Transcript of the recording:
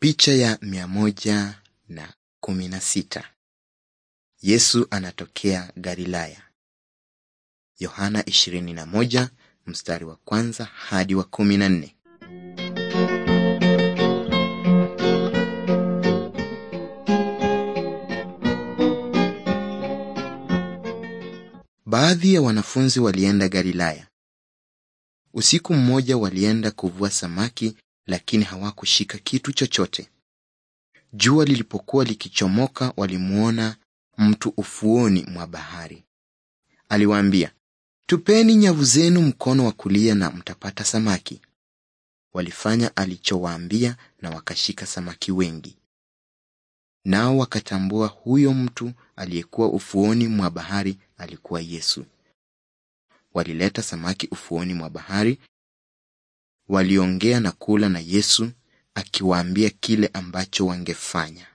Picha ya mia moja na kumi na sita. Yesu anatokea Galilaya. Yohana 21 mstari wa kwanza hadi wa 14. Baadhi ya wanafunzi walienda Galilaya. Usiku mmoja walienda kuvua samaki lakini hawakushika kitu chochote. Jua lilipokuwa likichomoka, walimwona mtu ufuoni mwa bahari. Aliwaambia, tupeni nyavu zenu mkono wa kulia na mtapata samaki. Walifanya alichowaambia na wakashika samaki wengi. Nao wakatambua huyo mtu aliyekuwa ufuoni mwa bahari alikuwa Yesu. Walileta samaki ufuoni mwa bahari Waliongea na kula na Yesu akiwaambia kile ambacho wangefanya.